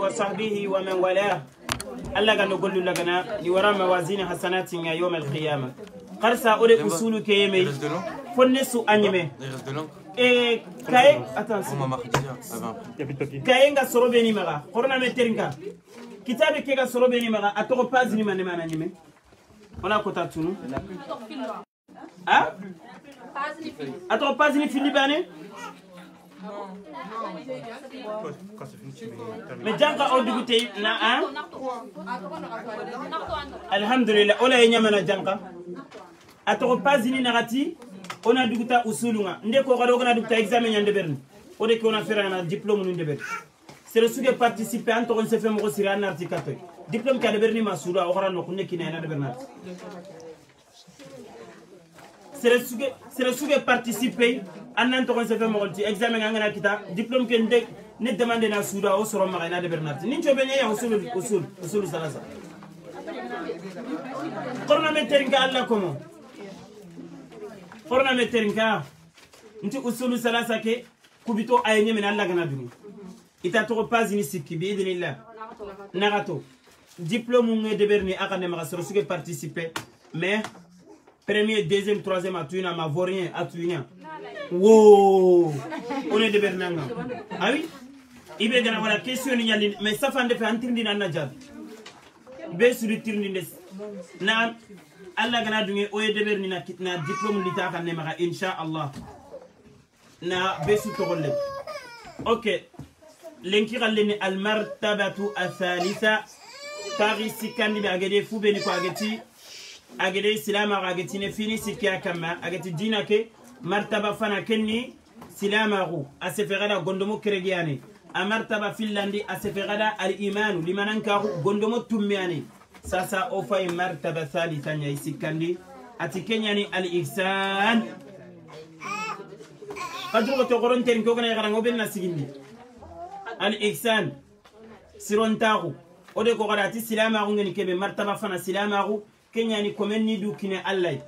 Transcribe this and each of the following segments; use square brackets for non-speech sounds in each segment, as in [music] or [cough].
وصحبه ومن والاه الله كان نقول لنا يورا موازين حسناتنا يوم القيامة قرصا أولي أصول كيمي فنسو أنيمي كاي أتنسو إيه، كاي نغا أمم سرو بيني مغا قرنا مترنكا كتابي كيغا غا سرو بيني مغا أتوغ بازني من من أنيمي ولا كتا تونو أه؟ أتوغ بازني فيني باني mi janka o dugu tey na a alhamdulillah o la ye ɲamana janka a tɔgɔ pasini nagati o na duguta usulu ŋa nde koxado o kana duguta examen ɲa ndeberini o de ke ona ferana diplôme nu ndeberi sere suke participe an togon sefe mogo siri a narti katoy diplôme ke a deberini ma suru a o xara noku ne kina ena deberinati sere suge participe an nan togon sefe mogol ti examen ga ngana kita diplôme ke nde ne demande na suda o soro maga ina debernati nin cobe ne yago sulu usul usulu salasa korna me terinka alla komo korna me terinka nti usulu salasa ke kubito aye ñemene alla gana duni ita togo pasini sikki bi idinillah naga to diplôme nge deberni aga ne maga soro suge participe mais Premier, deuxième, troisième Atouina, Mavorien, Atouina. Wow On est de Bernanga. Ah oui Il y a la question, mais ça fait un peu un tirni dans la sur le Na Allah gana dunge oye de Bernina kitna diplôme lita kan ne mara insha Allah. Na besu togolle. OK. Lenki gallene al martabatu athalitha. Paris sikandi be agede fubeni ko ageti. agede silamaxo ageti ne fini sikkeya kanma ageti dina ke martaba fana kenni silamaxu a sefexada gondomo keregeyane a martaba fillandi a sefexada alimanu limanankaxu gondomo tummeyane sasa o fayi martaba salisa ɲa i sikkandi ati keɲani alihsan xaturuxo toxoronten kogana yaxarango benna sigindi alihsan sirontaxu o de koxada ati silamaxu ngeni keɓe martaba fana silamaxu kenyani komen ni dukine allah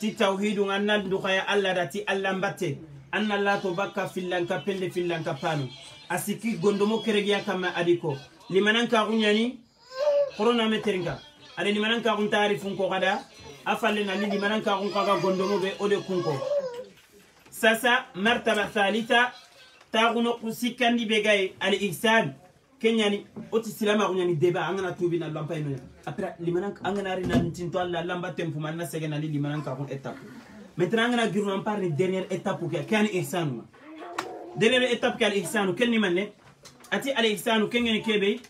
ti tawhidu annan dukaya allah da ti allah mbatte anna lato bakka fillanka pende fillanka pano asiki gondomo keregiya kama adiko limanan ka gunyani korona meteringa ale limanan ka gun tarifun ko kada afalle na limanan ka gun kaga gondomo be ode kunko sasa martaba thalitha taguno kusikandi begay al ihsan kenyani oti silama gunyani deba angana tubina lampay no après limanan angana ri nan tinto alla lamba tempo man na segen ali limanan ka kon étape maintenant angana giru nan parle dernière étape ke kan ihsanu dernière étape ke al ihsanu ken ni manne ati al ihsanu ken ngene kebe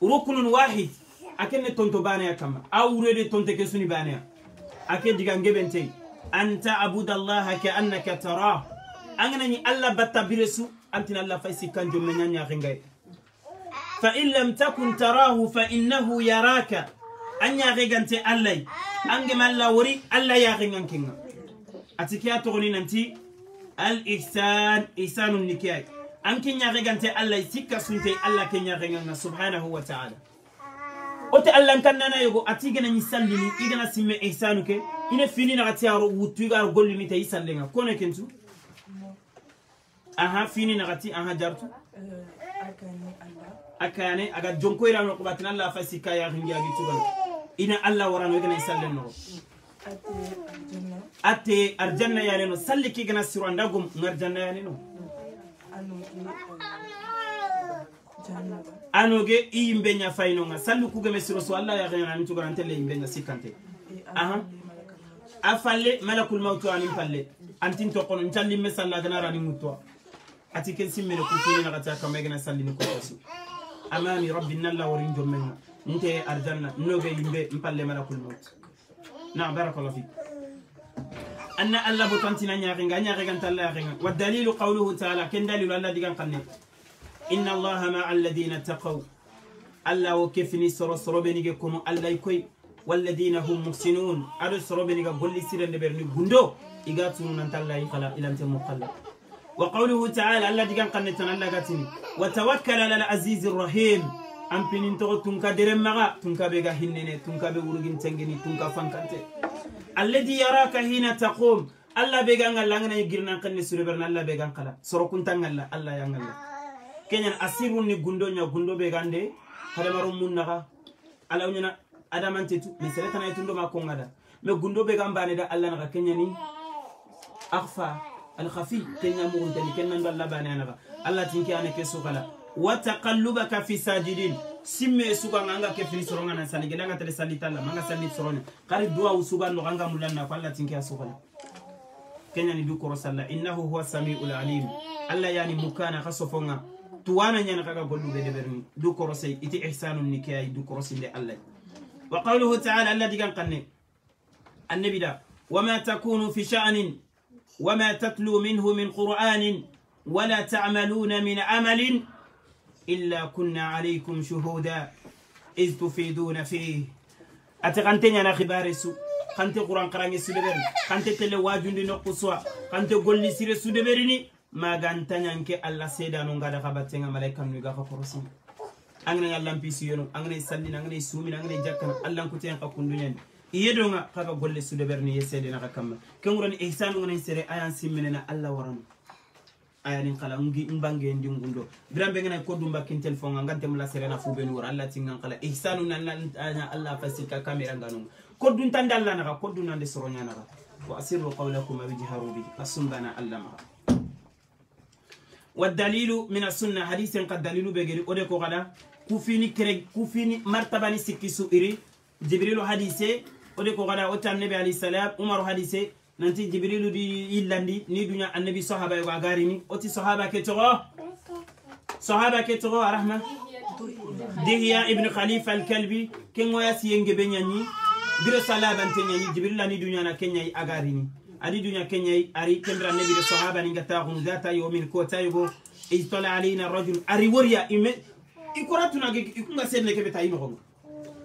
rukunun wahid akenne tonto bana kama awrede tonte ke suni bana ake diga ngebente an ta'budu allaha ka annaka tarah angana ni alla batta biresu antina alla faisi kanjo menyanya ringai فإن لم تكن تراه فإنه يراك أن يغيغنت ألي أنجم الله وري ألا يغيغن كنا أتكيا تغنين الإحسان إحسان النكاي أنك يغيغنت ألي سكا سنتي ألا كن يغيغن سبحانه وتعالى ote allan kannana yogo ati gana ni sallini igana simme ihsanu ke ina fini na ati aro wutu iga gollini ta isallenga kone kentu aha fini na ati aha jartu akane aga jonkoyra no kubatina la fasi kaya ringi agi tuban ina allah warano gana isalle no ate arjanna yale no salli ki gana siru andagum ngarjanna yale no anoge i nya fayno nga sallu ku game siru so allah ya gana ni tuban tele yimbe nya sikante aha afalle malakul mautu anin palle antin to kono ntalli me salla gana rani mutwa ati ken simmene kutuni na gata kamegana salli ni ko أمامي ربي نلا ورينجو منه أنت أرجعنا نوجي يمبي مبلي ملا كل موت نعم بارك الله فيك أن الله بطنتنا نعرين غني غن تلا غن والدليل قوله تعالى كن دليل الله دكان قنن إن الله مع الذين تقوا الله وكفني سر سر بيني كم الله يكوي والذين هم محسنون أرد سر بيني كقولي سير النبرني غندو إيجاتون أن تلا يخلا إلى أنت مقلب وقوله تعالى الله جيكان قنتنا الله قتني وتوكل على العزيز الرحيم أم بين تغو تنكا درم مغا تنكا بيغا هنيني تنكا بيغرقين تنجني تنكا فانكاتي الذي يراك حين تقوم الله بيغان الله أنا يجرنا قني سلبرنا الله بيغان قلا سرقون تنغلا الله الله الله كنيان أسيرون نغندو نيا غندو بيغان دي هذا مرون منغا على ونينا أدمان تتو مثلا تنا يتندو ما كونغا دا مغندو بيغان باني دا الله نغا كنياني أخفى الخفي كنيا مغنتني كنن الله باني أنا الله تنكي أنا كسوغلا وتقلبك في ساجدين simme suga nga kefini soronga na sani gele nga tele sali tala manga sali soronya kari dua usuga no nga mulanna kwalla tinki asugala kenya ni duko rosalla innahu huwa samiul alim alla yani mukana khasofonga tuwana nyana kaga gollu be deberni duko rosai iti ihsanun nikay duko rosinde alla wa qawluhu ta'ala alla digan qanne annabi da wama takunu fi sha'nin وما تتلو منه من قرآن ولا تعملون من عمل إلا كنا عليكم شهودا إذ تفيدون فيه أتغنتني أنا خبار سو خنت القرآن قرآن السودبرين خنت التلواج عند نقصوا خنت قول لي سير السودبريني ما غنتني أنك الله سيدا نونغادا خبتين عملك أنو يغفر فرسي أنغني الله بيسيرون أنغني سلين أنغني سومين أنغني جاكن الله كتير أنك كندوني yedonga kaga golle sude berni yesede naga kamma kenguran ihsan ngonen sere ayan simmenena allah warano ayanin kala ngi mbange ndi ngundo biram be ngena koddu mbakin telephone ngante mla serena fu ben wor allah tingan kala ihsanu nan ana allah fasika kamera ngano koddu tan dalla naga koddu nan de soronya naga wa asirru qawlakum wa jharu bi asundana allama والدليل من السنة حديث قد دليل بغير أودكو غدا كوفيني كري كوفيني مرتبة سكي سئري جبريل حديث وديكو غدا أوتا النبي عليه السلام عمر حديثي ننتي جبريل دي إيلاندي ني دنيا النبي صحابة وغاريني أوتي صحابة كتغو صحابة كتغو رحمة دهيا ابن خليفة الكلبي كن وياس ينجي بنياني بيرو صلاة بنتيني جبريل ني دنيا نا كنياي أغاريني أدي دنيا كنياي أري كمبرا النبي صحابة نغتاغون ذاتا يوم الكوتا يبو إيطال علينا الرجل أري وريا إمي إكورا تنا إكونا سيدنا كبتا إمي غمو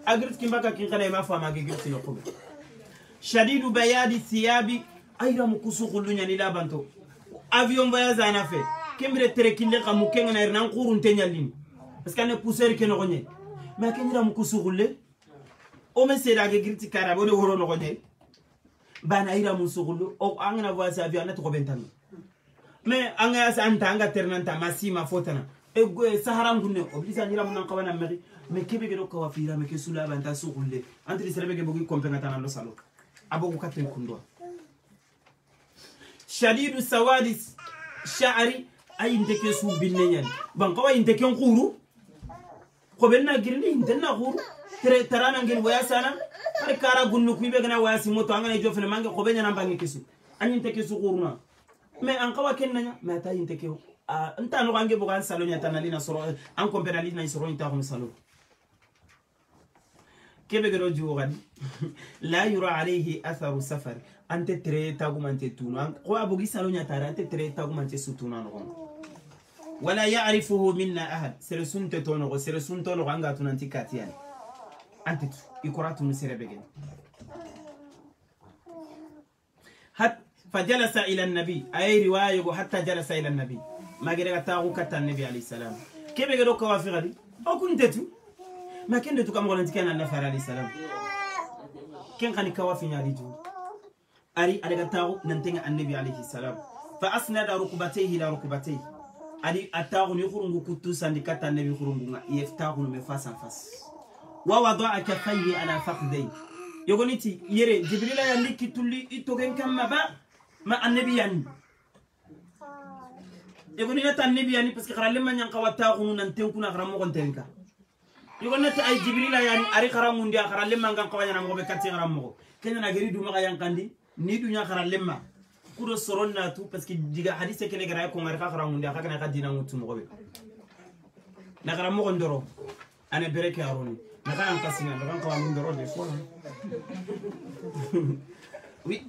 agrit kimbaka kinkana ima fo amage girti no kube shadidu bayadi thiyabi ayra mukusu kullunya ni labanto avion voyage ana fe kembire tere kille ka mukenga na irnan qurun tenyalin parce que ne pousser ke no gonye ma kenira mukusu kulle o me sera ge girti kara bo de horo no gonye bana ayra musu kullu o angana voyage avion na to bentan mais anga ya sa anta anga ternanta masima fotana e eh, sahara ngunne oblisa nyira munan kawana meri me kebe gedo kawa fira me ke sula banta su gulle antri serebe ge bogi kompenga tana lo salo abogo katen kundwa shadidu sawadis sha'ari ay ndeke su binne nyan ban kawa ndeke nguru ko benna girni ndenna nguru tere tarana ngel waya sana har kara gunnu kuibe gana waya simoto angana jofene mangi ko benya nan bangi kisu anyi ndeke su nguruna me an kawa kennanya me atayi ndeke o ntano kange bogan salo nya tanalina soro an kompenalina soro ntako salo كيف يقدر يجوعني لا يرى عليه أثر السفر أنت ترى تقوم أنت تونا قوا بوجي سالونيا ترى أنت ترى تقوم أنت سوتونا نقوم ولا يعرفه منا أحد سرسون تونا غو سرسون تونا غو أنت أنت كاتيان أنت يقرأ تونا سر بيجن حتى فجلس إلى النبي أي رواية حتى جلس إلى النبي ما قدر تاعو كتب النبي عليه السلام كيف يقدر كوا في أو كنت تونا makende tukamgonantikia na nafara salam ken kani kawafiñali tu ari adaga taxu nantenga annabi alayhi salam fa asnada rukbatayhi ila rukbatayhi ari a taxuni xurungu kuttu sandi annabi xurungunga yef taxunu me face en wa wadaa kafayhi ala fakday yogoniti yere jibrila yandi kitulli i togen kamma ba ma annabi yani yogoninata annabi yani parce que xara lema ñanka wa taxunu nantenkuna xara moxontenka yogonati ay jibrila yani ari xarangundi a xara lemma ngan xawañanangoɓe katti xaran moxo keñana geri dumaxa yankandi ni duña xara lemma kudo soron natu parce que diga hadise kene gara kongari xa xarangundi a xa kana xa dinangutu moxoɓe na xara moxo ndoro ane bere aroni na xa yankasina ndaxan xawanu ndoro des fois [laughs] oui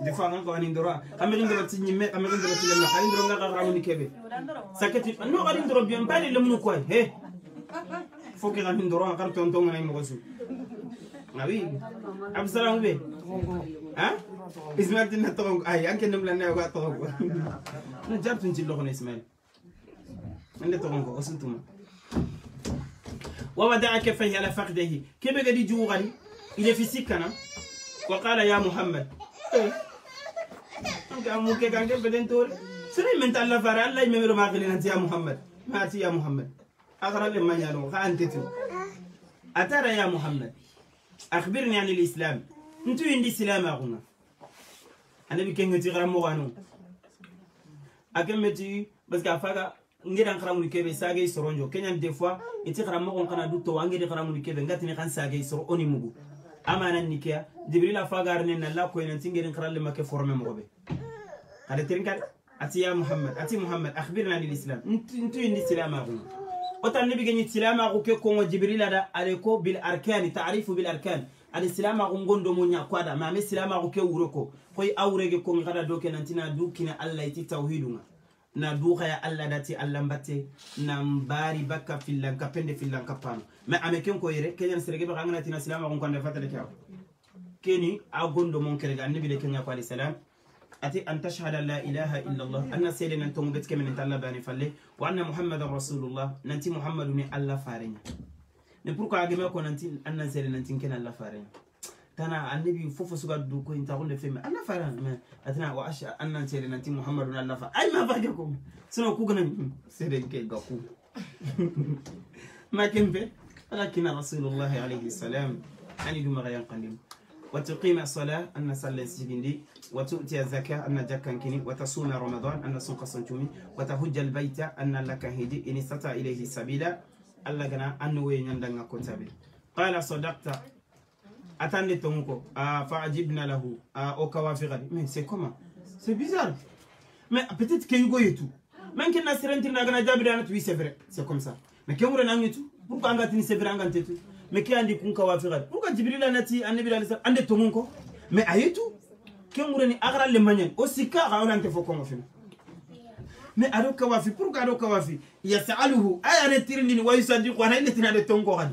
des fois ngan kawani ndoro xamexi ndoro ti ñimme xamexi ndoro ti lemma xari ndoro nga xa xarangundi keɓe saketi no xari ndoro bien mbani lemnu koy he فوكي غادي ندورو غنقرطو نتوما غادي نغزو نبي عبد السلام بيه ها اسماعيل دينا طغونك اه يعني كنم لنا وقع طغونك انا جابت نجي لغنى اسماعيل انا طغونك وصلتوما ووداعك فيه على فقده كيف غادي يجو غادي الى في سكنه وقال يا محمد انت عمو كي كان بدين تور سري من تاع الله فار الله يمرو ما غلينا يا محمد ما يا محمد أغرب ما يلو فأنت تو أترى يا محمد أخبرني عن الإسلام أنت عندي سلام أغنى أنا بكين غتي غرام مغانو أكم متي بس كافاكا نيران خرام ويكيبي ساجي سرونجو كينيان دي فوا إتي غرام مغان كان دو تو أنجي غرام ويكيبي غاتني غان ساجي سر أوني مغو أما أنا نيكيا جبريل أفاقار نينا لا كوين أنتين غيرين خرال لما كي فورمي مغوبي هذا ترين أتي يا محمد أتي محمد أخبرني عن الإسلام أنت أنت عندي سلام أغنى ota nabi gani silama ko ke ko da aleko bil arkan ta'rifu bil arkan ani silama ko gondo mo nya kwada silama ko ke wuro ko koy awrege ko nantina du kina allah ti tawhidunga na duxaya allah dati allah mbatte na mbari bakka fillanka pende fillanka pano ma ame ken ko yere keñan serege ɓe silama xun konde fatale keni a gondo mon kerega annabi de keña ko alayhi أتي أن تشهد لا إله إلا الله أن سيدنا أنتم بتك من أنت الله باني فلي وأن محمد رسول الله ننتي محمد من الله فارين نبرك عجمة كون أنتي أن سيدنا ننتي كن الله فارين تنا النبي فوف سوغا دوكو انت غول فيم الله فارين ما أتنا وأش أن سيدنا أنتي محمد من الله فارين أي ما فاجكم سنو كوغنا سيدنا كي غاكو ما كان في ولكن رسول الله عليه السلام أني دوما غيان قليل وتقيم الصلاة أن صلى سيدنا وتؤتي الزكاة أن جكا كني وتصوم رمضان أن صنق صنتومي وتهج البيت أن لك هدي إن استطع إليه سبيلا ألقنا أن وين كتابي قال صدقت أتاني تونكو آه فعجبنا له آه أو كوافي غادي مي سي كوما سي بيزار مي بتيت كي يقول يتو من كنا سرنتي نغنا جابري أنا توي سيفري سي كوم سا مي كي يقول أنا يتو بوكا أنغاتني سيفري أنغاتني تو مي كي عندي كون كوافي غادي بوكا تي أنا بيرالي سا أندي تونكو مي أيتو كنغرني أغرى لمانيا أوسيكا غاورانت فوكوما فين ني أرو كوافي بروك أرو كوافي يسأله أي أرتيرني نواي ساندي قوانا إلي تنا لتون قوان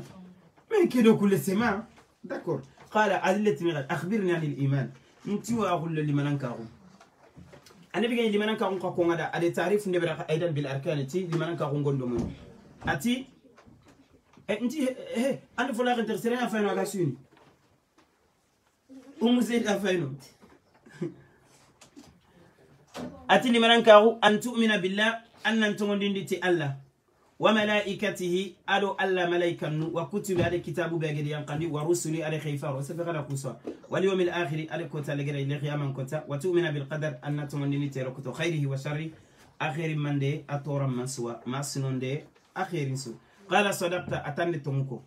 مين كيدو كل سما داكور قال أدلة ميغال أخبرني عن الإيمان نتيو أقول للي مانان كارون أنا بيجي لي مانان كارون كونغا دا أدي تعريف نبرا أيضا بالأركان تي لي مانان كارون غوندومون أتي أنتي هه أنا فلان ترسلين أفنو أغاسوني ومزيد أفنو أتي لي مران كارو أن تؤمن بالله أن نتمون دين دي الله وملائكته ألو الله ملائكة وكتب على كتاب بغير ينقل ورسلي على خيفا وسفق على قصوى واليوم الآخر على كتا لغير إلي غياما كتا وتؤمن بالقدر أن نتمون دين دي ركتو خيره وشره أخير من دي أطورا من سوى ما سنون دي أخير سوى قال صدقت أتاني تمكو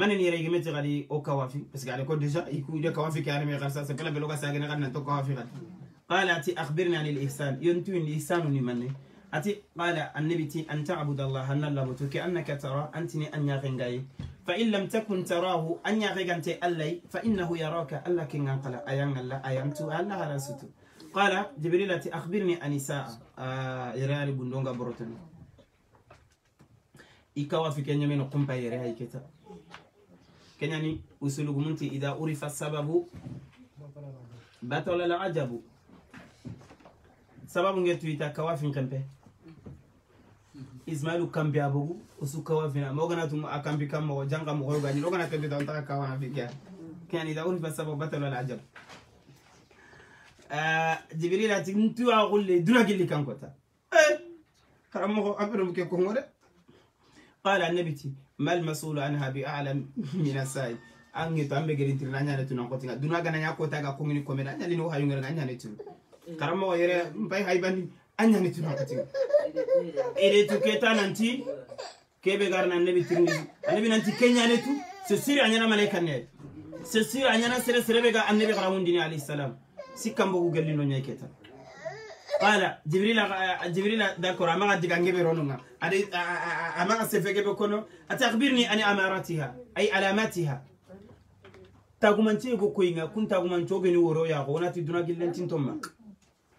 manen yere gemete gali o kawafi parce que ale ko deja iku de kawafi ka ni me garsa se kala beloka sa gena kawafi gati قال أتي أخبرني عن الإحسان ينتون الإحسان لمن أتي قال النبي تي أن تعبد الله أن الله بتوك أنك ترى أنتني أن يغنغي فإن لم تكن تراه أن يغنغي ألي فإنه يراك ألا كن أنقل أيان الله أيان تو ألا ستو قال جبريل أتي أخبرني عن إساء آه، إرالي بندونغ بروتن إكوا في كنيا من قم بيرها كتا كنيا ني منتي إذا أُرِفَ السبب بطل العجب sababu ngel tuita kawafin kempe ismailu kambi abogu usu kawafina mogana tum akambi kam mo janga mo goga ni logana kempe ta ntaka kawana fikia kani da uri fasabu batalo la ajab jibril ati ntu agulle duna gilli kankota eh karamogo abiro mke kongore قال النبي ما المسؤول عنها بأعلم من السائل an yi to an bɛ gɛrɛ tiri la an y'a ne tunu an kɔ tigɛ dunan gana n y'a ko ta ka ko ŋini ko mɛ na an y'a ni ne ko hali ŋɛrɛ an y'a ne tunu karamɔgɔ yere mbai mm, haibani an ɲani tunu haka tiga ere tu keta nanti kebe gar nan nebi tirni anabi nanti kenya ne tu sesiri anyana malaika ne sesiri anyana sere sere be ga annabi garamun dini alayhi salam sikkan bogu gelli no nyai keta qala jibril jibril d'accord amaga diga ngebe ronunga ade amaga sefege be kono atakhbirni an amaratiha ay alamatiha tagumance ko nga kun tagumance ogeni woro ya ko onati duna gillentin tomma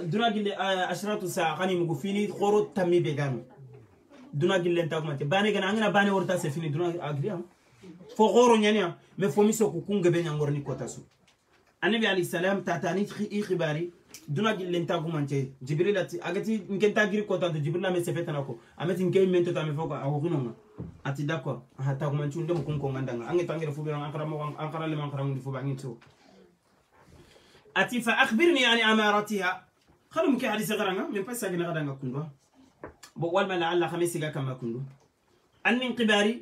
دوناك اللي عشرات الساعة قاني مقفيني خورو تمي بيجانو دوناك اللي انتاكم انت باني كان عندنا باني ورتا سفيني دوناك اغريا فو خورو نيانيا مي فو ميسو كوكون غبن يانغور ني كوتاسو النبي عليه السلام تاتاني خي اي خباري دوناك اللي انتاكم انت جبريل اتي اغتي نكن تاغري كوتا دو جبريل مي سفيتا ناكو امتي نكاي مينتو تامي فوكا او غينوما اتي داكو حتى كوم انتو ندم كون كون غاندا انغي تانغي فو بيان انقرا مو انقرا لي مانقرا مو فو اتي فاخبرني يعني امارتها خلو مكي حديث غرانا من بس ساقنا غرانا كندو بوال ما الله خميس سيقا كما كندو أن من قباري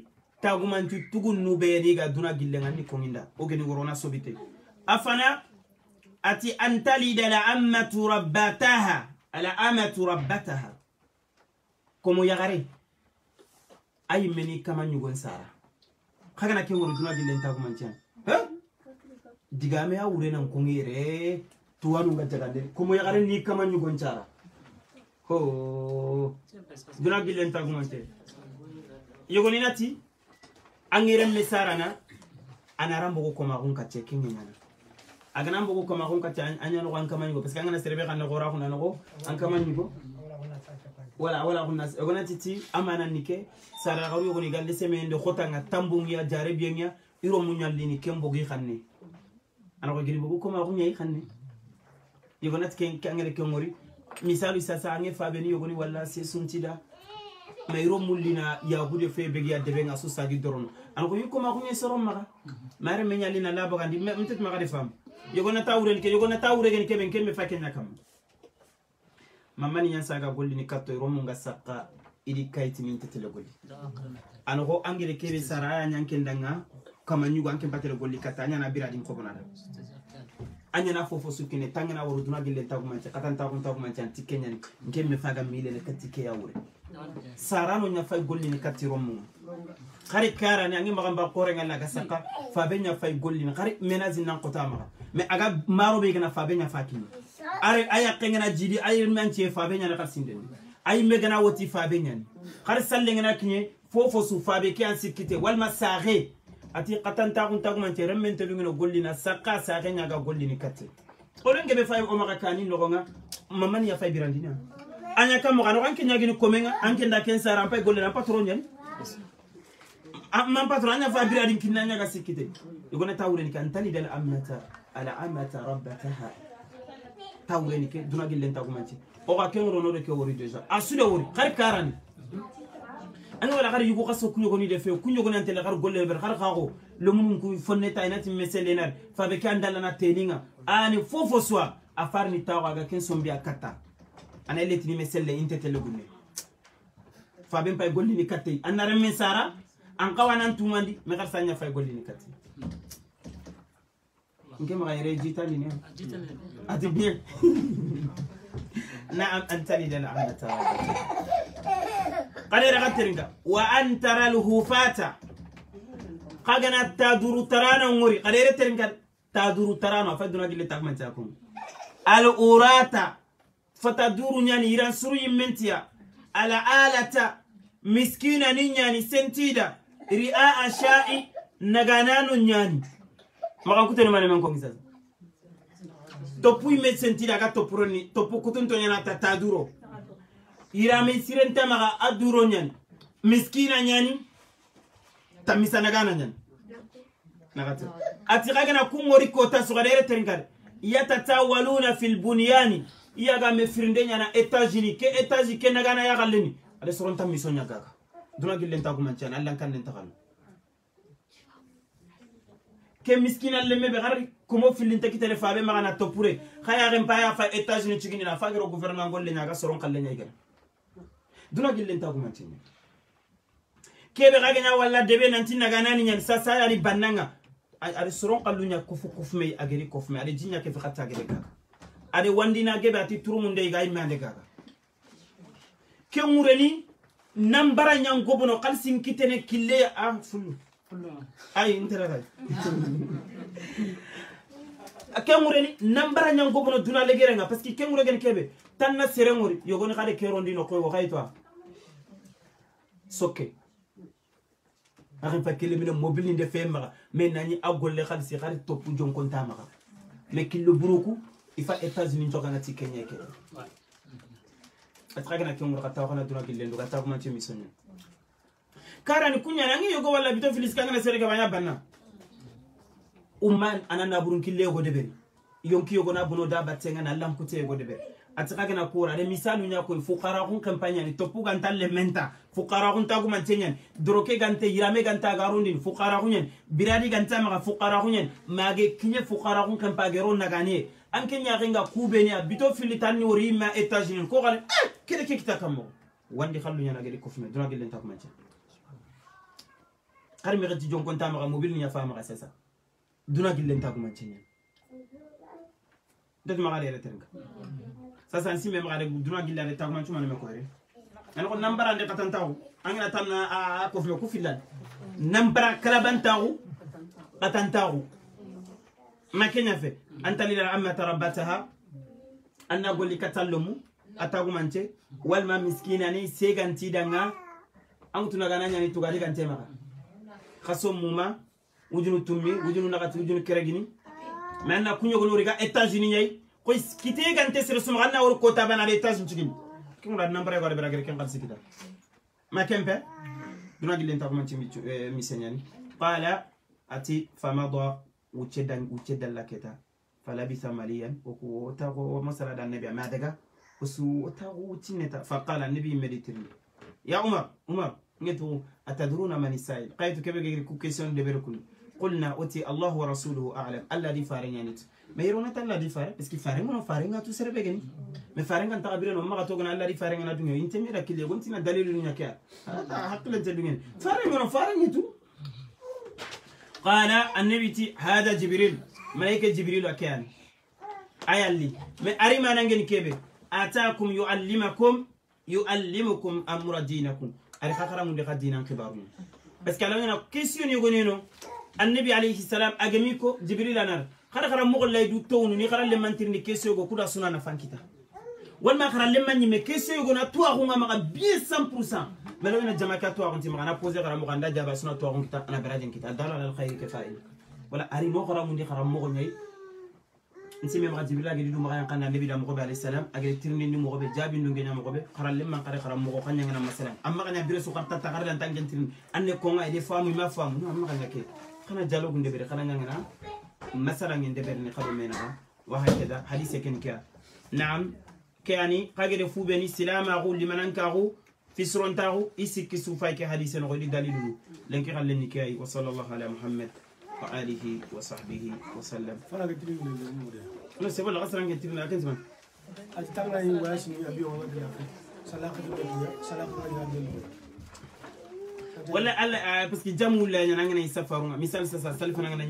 تاغم أنتو تغن نوبيني ديغا دونا جلنا ني كونيندا أوكي ورونا سوبيتي أفنا أتي أن تلد لأمة ربتها لأمة ربتها كومو يغري أي مني كما نيغون سارة خاغنا كي ورو دونا جلنا تاغم ها ديغامي أورينا كونيري tuwanu ga jagande komo yagare ni kama ɲugon cara ho duna bilen tagumante yogoninati an yeren me sarana anara mbogo komagun kace ke ɲaɲana a gana mbogo komagun kace a ɲanogo an kama ɲugo parce que nogo an kama wala wala kuna yogonati ti amana nike saragaru yogoni galle semeyende xotanga tambungiya jare biyengiya iro muɲallini ke mbogi xanne giri mbogo komagun ɲayi xanne yogonati ken kangere kengori misalu sasa ange fabeni yogoni walla se suntida mayiro mullina yahude fe begeya debenga so sagi dorono an ko yikkoma kuñe soron maga mare me ñallina labagandi mtet maga de fam yogonata wurel ke yogonata wuregen keɓen kemme fa keña kam mamani yan saga gollini katto romunga sakka idi kayti min tetele golli an ko angere keɓe sara aya ñankendanga kama ñugo anke batele golli katta a ñana biradin kobonaɗa an ɲana fo fo sukine tangana woro duna gille tagumance katan tagumance anti keñani nke me faga milene kati keya wure sarano ɲafay gollini kati romuga hari karani angi maganba korenga laga saka fabe ɲafay gollini hari menasi nan kota maga mais aga maro be gana fabe ɲafa kini are aya kengana jidi ay mancie fabe ɲana kar sindeni ay megana woti fabe ɲani hari sallengana kiɲe fo fo su fabe ke an sikkite walma saxe ati katantaxuntaxumance ren men telungino sa sakka saxe ñaga gollini katte oɗonge be fay o maka omaxa kani mamani ya fay birandina anya kam moxa noxo an ke ni komenga an ke nda ken sa an pay e gollena an patron ñani man patron a ña fa biradin kinna a ñaga sikkite igona tawureni kan tani dal amnata ala amata rabbataha tawureni ke dunagi dunagillen taxumance oxa ken ronoɗo ke wori deja asule wori kar karani ani wala xar yugo xa so kuñogoni le few kuñogoni antele xar golle ber xar xaxo lomunum ku fonne ta inati meselenar fabe ke andalana teninga ani fofo soa a farni taxo aga ken sombi a katta ana letini meselle intetele gunne fabe pay e gollini kattey annara men sara an qawanan tumandi me xar saña e nke maxa yere jitani ah, ne ati bien [laughs] na antani dena amna tawa قال رغترنك وأن ترى الهفاة قاقنا تادور ترانا موري قال رغترنك تادور ترانا فدنا جل تقمن تاكم الأوراتا فتدور نياني إيران سرو يمنتيا على آلة مسكينة نياني سنتيدا رئاء شائي نغانانو نياني مقام كتن مانا منكم سازا topu ime sentida ka topuroni topu kutunto nyana tataduro irami sirentamaxa a aduro nyan miskina ñani tamisanagana ñani naxati ati xa gana kungori kota suxada yere terenkari yatatawaluna fil bunyani iyaga mefirinde nyana etajini ke étagi ke nagana ya galeni ale soronta miso ñagaga duna gillentagumanciani allankannentaxallu ke miskina lemme be xar komo fillinta ki telefabe magana topure xa yaxen paya fa étagini ciginina fagero gouvernement ngolle ñaga soron xalle ñaygana duna gillen ta kuma tinye kebe ga ganya walla debe nan tinna ga nani nyan sa sa ari bananga ari soron kallu nya kufu kufu me agiri kufu me ari jinya ke fakata ageri ka ari wandina gebe ati turumun de ga imande ga ke ngureni nan bara nyan gobono kalsin kitene kille a fulu ay intera ga kengureni nambara ñangobono duna legere nga parce que kengure gen kebe tan na serengori yogoni xade kerondino koy woxay toa soke axin fa kile mine mobile nde fe maxa mais nañi a golle xalisi xari topp jonkonta maxa mais kille buruku ifa états unis coganati keñe ke atxagana ke ngor xa tawaxana duna gillendu xa taxumanci misonñen karani kuñana angi yogo walla bito filis kangana sereke baña banna umman ananaburun kille yogo deɓeri yonki yogo na bono da battenga na lankute yogo deɓeri atika kena kura de misalu nya ko fuqara kun kampanya ni topu ganta le menta fuqara kun ta kuma tenya droke ganta irame ganta garundi fuqara kun yen biradi ganta ma fuqara kun yen mage kinye fuqara kun kampa na nagane an kenya ringa kube ni abito filitan ni ori ma etage ni ko gal eh, kede ke kita kamo wandi khallu nya nagere ko fume droge len ta kuma tenya kar mi gati jon konta ma mobil ni ya fama ga sesa duna gilen ta kuma tenya dat ma ga re terenga sasa nsi me magare duna gilla de tagma chuma me ko re an ko nambara de katan taw an na tan a ko flo ku filan nambara kala ban taw katan taw ma kenya fe anta lila amma tarabataha anna golli katallumu atagumance walma miskinani seganti danga an tunagana ñani tugadi kante maga xaso muma wujunu tummi wujunu nagati wujunu keregini mais anna kuñogonoriga états unis ñayi kois kite kan tesere sum ganna wor kota bana le tas ntigim kim la nambare gore bera gere kan qalsi kita ma kempe duna gilen ta kuma timi mi senyani qala ati famada wucedan wucedan laketa falabitha maliyan woko tago masala da annabi ma daga wasu tago wucineta faqala annabi meditiri ya umar umar نتو أتدرون من السائل قايتو كبير كوكيسيون دبركن قلنا أتي الله ورسوله أعلم الذي فارن ينتو ميرونا تان لا دي فاري بس كي فاري مون فاري غا تو سير بيغني مي فاري غا تابير نو ما غاتو غنا لا دي فاري غنا دنيو انت مي راكي لي غونتي دليل لي نياكيا حق لا تجدني فاري مون فاري ني تو قال النبي تي هذا جبريل ملائكه جبريل وكان اي لي مي اري ما نانغي كيبي اتاكم يعلمكم يعلمكم امر دينكم اري خاطر مون دي غادي نان كبارو بس كلامنا كيسيون يغنينو النبي عليه السلام اجميكو جبريل انا khara khara mo lay du tawnu ni khara le mantir ni kese go kuda suna na fankita wal ma khara le manni me kese go na tuwa go ngama bien 100% melo na jama ka tuwa ntima kana pose khara mo ganda jaba suna tuwa ngita ana barajin kita dala al khair kifail wala ari mo khara mo ndi khara mo go nyai nsime maga jibila gedi du maga yang kana nabi da mo be alayhi salam agel tirni ni mo be jabi ndu ngenya mo be khara le man khara khara mo go kanya ngana masalam amma kana bire su khata ta khara lan tangen tirni anne ko ngai de famu ma famu amma kana ke kana jalo gunde bere kana ngana مثلا يندبرني قبل منها وهكذا حديث كا نعم كاني قاعد يفو بني سلام أقول لمن أنكره في سرون تاغو إسك سوفايك حديث غير دليل لنك غل النكاي وصلى الله على محمد وآله وصحبه وسلم فلا قتلين من الأمور أنا سيقول لك أصلا من لكن زمان أتتمنى أن يواش من أبي وما قد يأخذ صلاة صلاة ولا ألا آه، بس جمع ولا يعني أنا يسافرون مثال سال سال أنا